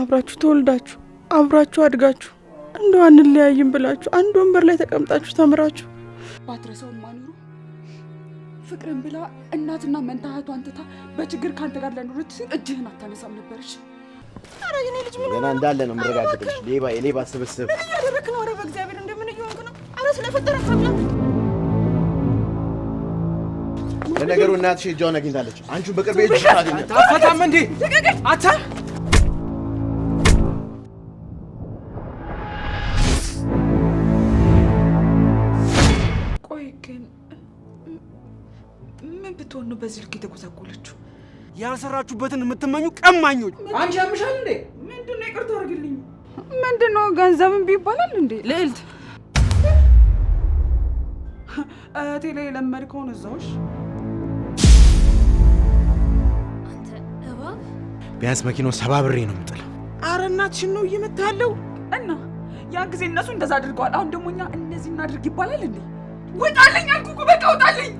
አብራችሁ ተወልዳችሁ አብራችሁ አድጋችሁ እንደው አንለያይም ብላችሁ አንድ ወንበር ላይ ተቀምጣችሁ ተምራችሁ ባትረሳውም ማኑሩ ፍቅርን ብላ እናትና መንታህቱ አንትታ በችግር ከአንተ ጋር ለኖረች እጅህን አታነሳም ነበረች። ገና እንዳለ ነው የምረጋግጥልሽ። ሌባ የሌባ ስብስብ ምን እያደረክ ነው? ኧረ በእግዚአብሔር እንደምን እየሆንክ ነው? ኧረ ስለፈጠረ ለነገሩ እናትሽ እጇን አግኝታለች። አንቺን በቅርብ እጅ ታፈታም እንዴ አታ ቆይ ግን ምን ብትሆን ነው በዚህ ልክ የተጎሳቆለችው? ያልሰራችሁበትን የምትመኙ ቀማኞች! አንቺ አምሻል እንዴ? ምንድን ነው ይቅርታ አድርግልኝ። ምንድን ነው ገንዘብ ቢባላል እንዴ? ልዕልት እህቴ ላይ የለመድ እዛውሽ ቢያንስ መኪናው ሰባ ነው የምጥለው። አረ እናትሽን ነው እየመታለው እና ያን ጊዜ እነሱ እንደዛ አድርገዋል። አሁን ደግሞ እኛ እነዚህ እናድርግ ይባላል እንዴ? ውጣልኝ አልኩህ፣ በቃ ውጣልኝ።